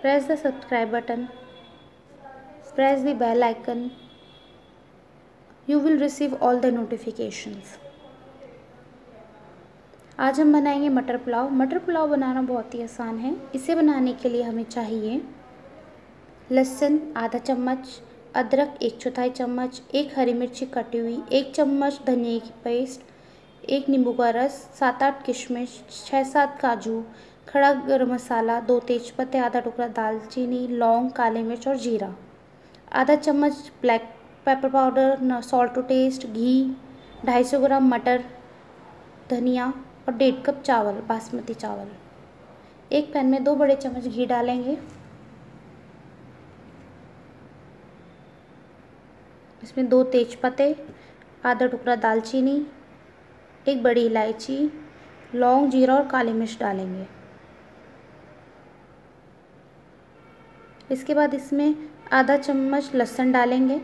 press the subscribe button press the bell icon you will receive all the notifications आज हम बनाएंगे मटर पुलाव मटर पुलाव बनाना बहुत ही आसान है इसे बनाने के लिए हमें चाहिए लहसुन आधा चम्मच अदरक एक चौथाई चम्मच एक हरी मिर्ची कटी हुई एक चम्मच धनिया की पेस्ट एक नींबू का रस सात आठ किशमिश छः सात काजू खड़ा गर्म मसाला दो तेजपत्ते आधा टुकड़ा दालचीनी लौंग काली मिर्च और जीरा आधा चम्मच black pepper powder salt to taste घी ढाई सौ ग्राम मटर धनिया और डेढ़ कप चावल बासमती चावल एक पैन में दो बड़े चम्मच घी डालेंगे इसमें दो तेजपत्ते आधा टुकड़ा दालचीनी एक बड़ी इलायची लौंग जीरा और काली मिर्च डालेंगे इसके बाद इसमें आधा चम्मच लहसुन डालेंगे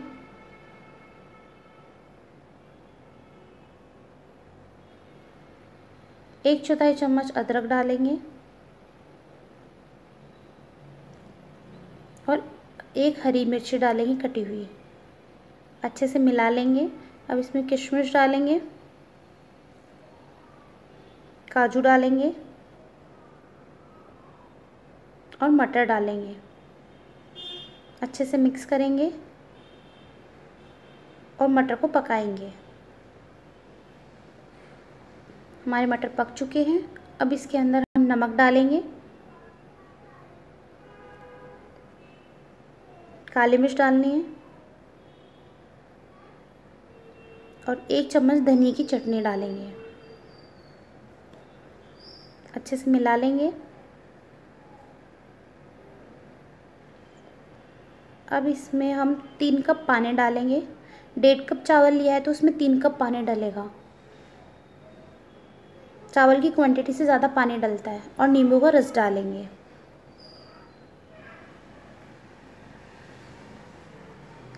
एक चौथाई चम्मच अदरक डालेंगे और एक हरी मिर्ची डालेंगे कटी हुई अच्छे से मिला लेंगे अब इसमें किशमिश डालेंगे काजू डालेंगे और मटर डालेंगे अच्छे से मिक्स करेंगे और मटर को पकाएंगे हमारे मटर पक चुके हैं अब इसके अंदर हम नमक डालेंगे काली मिर्च डालनी है और एक चम्मच धनिया की चटनी डालेंगे अच्छे से मिला लेंगे अब इसमें हम तीन कप पानी डालेंगे डेढ़ कप चावल लिया है तो उसमें तीन कप पानी डलेगा चावल की क्वांटिटी से ज़्यादा पानी डलता है और नींबू का रस डालेंगे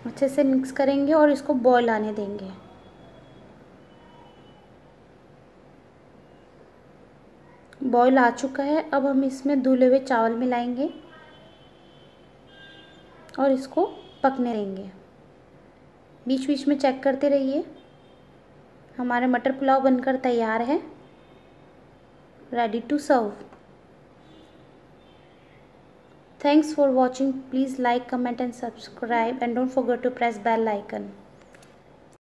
अच्छे से मिक्स करेंगे और इसको बॉयल आने देंगे बॉयल आ चुका है अब हम इसमें धुले हुए चावल मिलाएंगे और इसको पकने देंगे बीच बीच में चेक करते रहिए हमारे मटर पुलाव बनकर तैयार है ready to serve thanks for watching please like comment and subscribe and don't forget to press bell icon